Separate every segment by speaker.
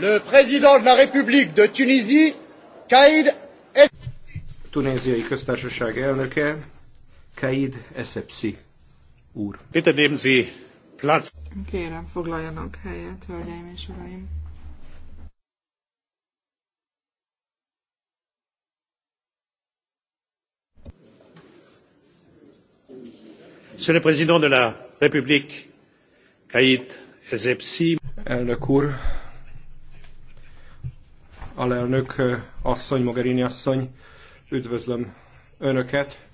Speaker 1: Le président de la République de Tunisie, Kaïd es Tunéziai köztársaság elnöke, Kaïd Essebsi úr. Bitte nehmen Sie Platz. Kérem, foglaljanak helyet, hölgyeim és uraim. Monsieur le Président de la République, Kaït Essebsi. Elnök úr, alelnök asszony, Mogherini asszony, üdvözlöm Önöket,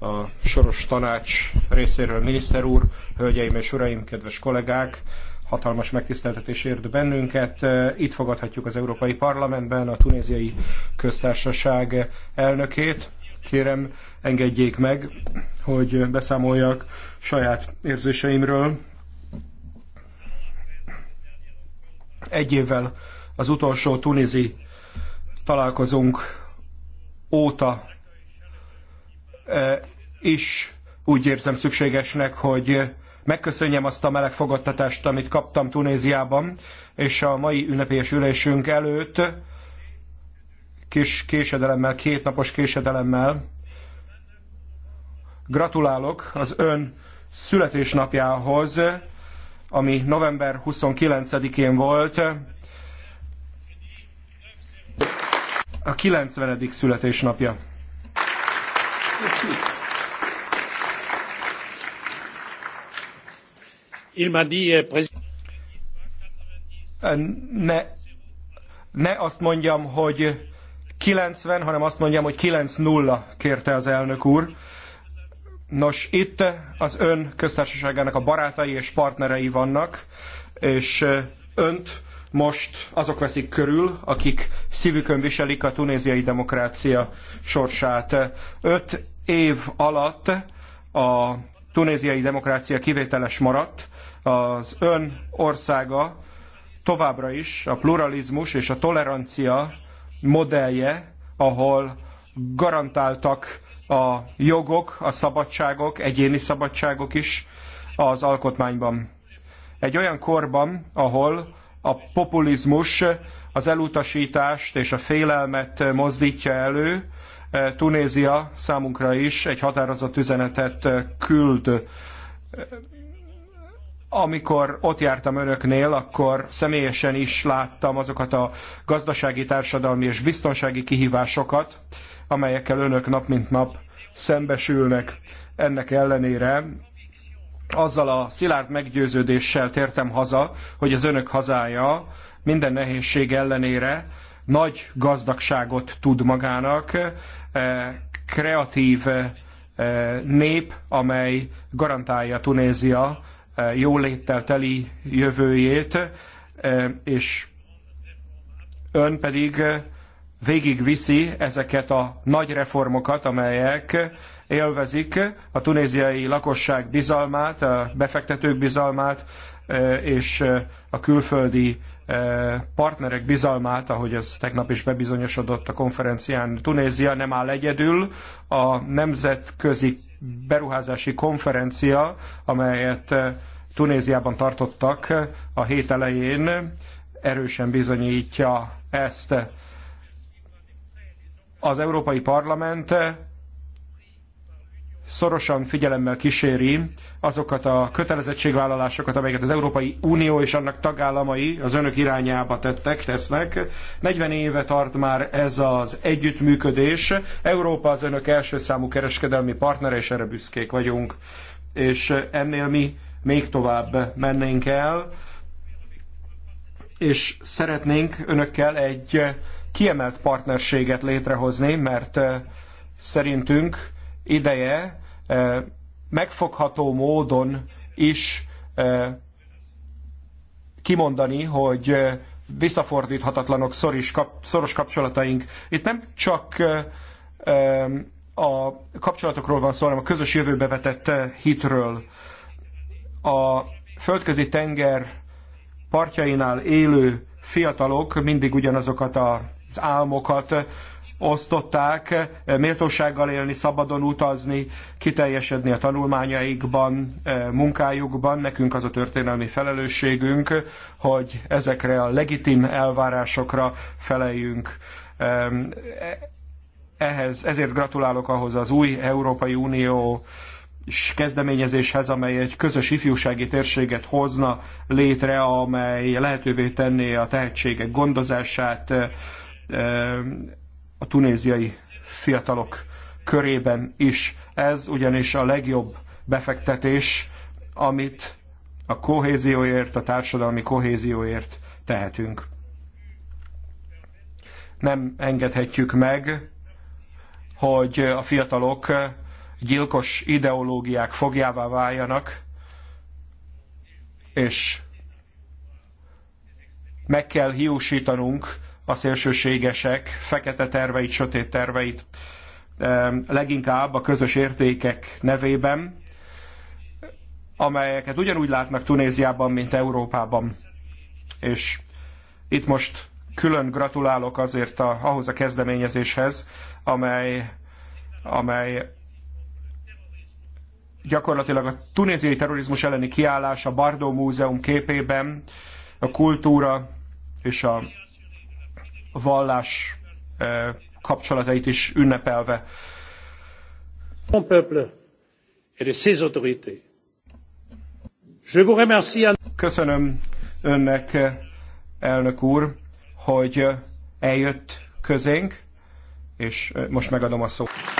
Speaker 1: a Soros Tanács részéről miniszter úr, hölgyeim és uraim, kedves kollégák, hatalmas megtiszteltetés ért bennünket. Itt fogadhatjuk az Európai Parlamentben a tunéziai köztársaság elnökét. Kérem, engedjék meg, hogy beszámoljak saját érzéseimről. Egy évvel az utolsó tunizi találkozunk óta eh, is úgy érzem szükségesnek, hogy megköszönjem azt a meleg fogadtatást, amit kaptam Tunéziában, és a mai ünnepélyes ülésünk előtt kis késedelemmel, két napos késedelemmel gratulálok az ön születésnapjához, ami november 29-én volt a 90. születésnapja. Euh, ne, ne azt mondjam, hogy 90, hanem azt mondjam, hogy 9-0, kérte az elnök úr. Nos, itt az ön köztársaságának a barátai és partnerei vannak, és önt most azok veszik körül, akik szívükön viselik a tunéziai demokrácia sorsát. Öt év alatt a tunéziai demokrácia kivételes maradt, az ön országa továbbra is a pluralizmus és a tolerancia modellje, ahol garantáltak a jogok, a szabadságok, egyéni szabadságok is az alkotmányban. Egy olyan korban, ahol a populizmus az elutasítást és a félelmet mozdítja elő. Tunézia számunkra is egy határozott üzenetet küld. Amikor ott jártam önöknél, akkor személyesen is láttam azokat a gazdasági, társadalmi és biztonsági kihívásokat, amelyekkel önök nap mint nap szembesülnek. Ennek ellenére azzal a szilárd meggyőződéssel tértem haza, hogy az önök hazája minden nehézség ellenére nagy gazdagságot tud magának, eh, kreatív eh, nép, amely garantálja Tunézia eh, jóléttel teli jövőjét, és ön pedig végigviszi ezeket a nagy reformokat, amelyek élvezik a tunéziai lakosság bizalmát, a befektetők bizalmát e, és a külföldi e, partnerek bizalmát, ahogy ez tegnap is bebizonyosodott a konferencián. Tunézia nem áll egyedül, a nemzetközi beruházási konferencia, amelyet e, Tunéziában tartottak a hét elején, erősen bizonyítja ezt az Európai Parlament szorosan figyelemmel kíséri azokat a kötelezettségvállalásokat, amelyeket az Európai Unió és annak tagállamai az önök irányába tettek, tesznek. 40 éve tart már ez az együttműködés. Európa az önök első számú kereskedelmi partnere, és erre büszkék vagyunk. És ennél mi még tovább mennénk el, és szeretnénk önökkel egy kiemelt partnerséget létrehozni, mert szerintünk ideje megfogható módon is kimondani, hogy visszafordíthatatlanok szoros kapcsolataink. Itt nem csak a kapcsolatokról van szó, hanem a közös jövőbe vetett hitről. A földközi tenger partjainál élő fiatalok mindig ugyanazokat az álmokat osztották, méltósággal élni, szabadon utazni, kiteljesedni a tanulmányaikban, eh, munkájukban. Nekünk az a történelmi felelősségünk, hogy ezekre a legitim elvárásokra feleljünk. E, ehhez, ezért gratulálok ahhoz az új Európai Unió kezdeményezéshez, amely egy közös ifjúsági térséget hozna létre, amely lehetővé tenné a tehetségek gondozását a tunéziai fiatalok körében is. Ez ugyanis a legjobb befektetés, amit a kohézióért, a társadalmi kohézióért tehetünk. Nem engedhetjük meg, hogy a fiatalok gyilkos ideológiák fogjává váljanak, és meg kell hiúsítanunk a szélsőségesek fekete terveit, sötét terveit, leginkább a közös értékek nevében, amelyeket ugyanúgy látnak Tunéziában, mint Európában. És itt most külön gratulálok azért a, ahhoz a kezdeményezéshez, amely, amely gyakorlatilag a tunéziai terrorizmus elleni kiállás a Bardo Múzeum képében a kultúra és a vallás eh, kapcsolatait is ünnepelve. Mon peuple et de ses autorités. Je vous remercie. Köszönöm önnek, elnök úr, hogy eljött közénk, és eh, most megadom a szót.